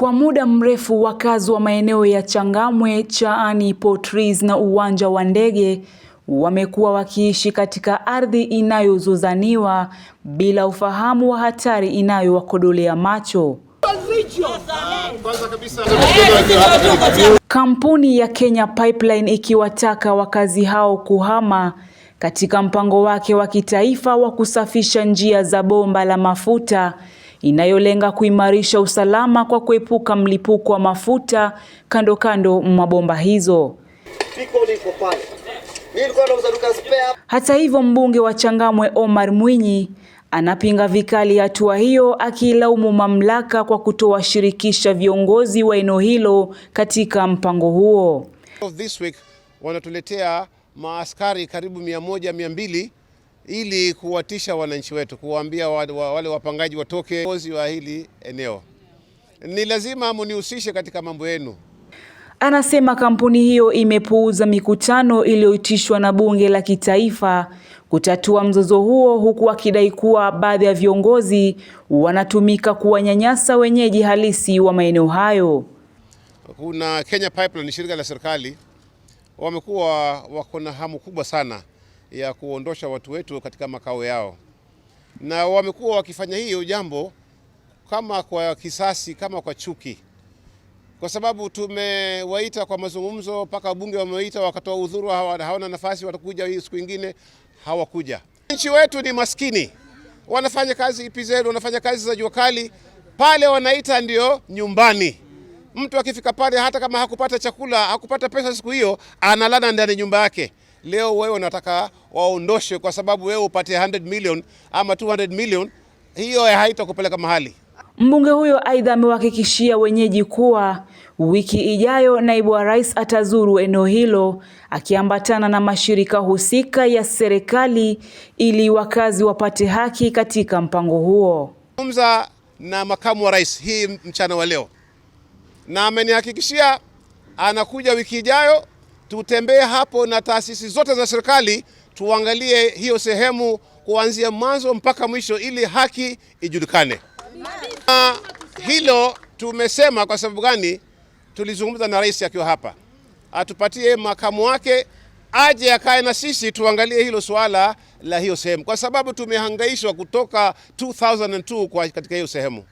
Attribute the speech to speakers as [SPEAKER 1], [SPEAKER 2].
[SPEAKER 1] Kwa muda mrefu wakazi wa maeneo ya Changamwe, Chaani, Portreis na uwanja wa ndege wamekuwa wakiishi katika ardhi inayozozaniwa bila ufahamu wa hatari inayowakodolea macho. Kampuni ya Kenya Pipeline ikiwataka wakazi hao kuhama katika mpango wake wa kitaifa wa kusafisha njia za bomba la mafuta inayolenga kuimarisha usalama kwa kuepuka mlipuko wa mafuta kando kando mwa bomba hizo. Hata hivyo, mbunge wa Changamwe Omar Mwinyi anapinga vikali hatua hiyo akilaumu mamlaka kwa kutowashirikisha viongozi wa eneo hilo katika mpango huo.
[SPEAKER 2] This week wanatuletea maaskari karibu mia moja mia mbili ili kuwatisha wananchi wetu, kuwaambia wale wapangaji watoke ozi wa hili eneo, ni lazima munihusishe katika mambo yenu.
[SPEAKER 1] Anasema kampuni hiyo imepuuza mikutano iliyoitishwa na bunge la kitaifa kutatua mzozo huo, huku akidai kuwa baadhi ya viongozi wanatumika kuwanyanyasa wenyeji halisi wa maeneo hayo.
[SPEAKER 2] Kuna Kenya Pipeline, shirika la serikali, wamekuwa wako na hamu kubwa sana ya kuondosha watu wetu katika makao yao, na wamekuwa wakifanya hiyo jambo kama kwa kisasi, kama kwa chuki, kwa sababu tumewaita kwa mazungumzo mpaka bunge wamewaita wakatoa udhuru, hawana nafasi, watakuja hii siku ingine, hawakuja. Nchi wetu ni maskini, wanafanya kazi IPZ, wanafanya kazi za jua kali, pale wanaita ndio nyumbani. Mtu akifika pale, hata kama hakupata chakula, hakupata pesa siku hiyo, analala ndani nyumba yake. Leo wewe unataka waondoshe kwa sababu wewe upate 100 million ama 200 million, hiyo haitakupeleka mahali.
[SPEAKER 1] Mbunge huyo aidha amewahakikishia wenyeji kuwa wiki ijayo naibu wa rais atazuru eneo hilo akiambatana na mashirika husika ya serikali ili wakazi wapate haki katika mpango huo.
[SPEAKER 2] Zungumza na makamu wa rais hii mchana wa leo, na amenihakikishia anakuja wiki ijayo tutembee hapo na taasisi zote za serikali tuangalie hiyo sehemu kuanzia mwanzo mpaka mwisho ili haki ijulikane. Na hilo tumesema kwa sababu gani? Tulizungumza na rais akiwa hapa, atupatie makamu wake aje akae na sisi tuangalie hilo suala la hiyo sehemu, kwa sababu tumehangaishwa kutoka 2002 kwa katika hiyo sehemu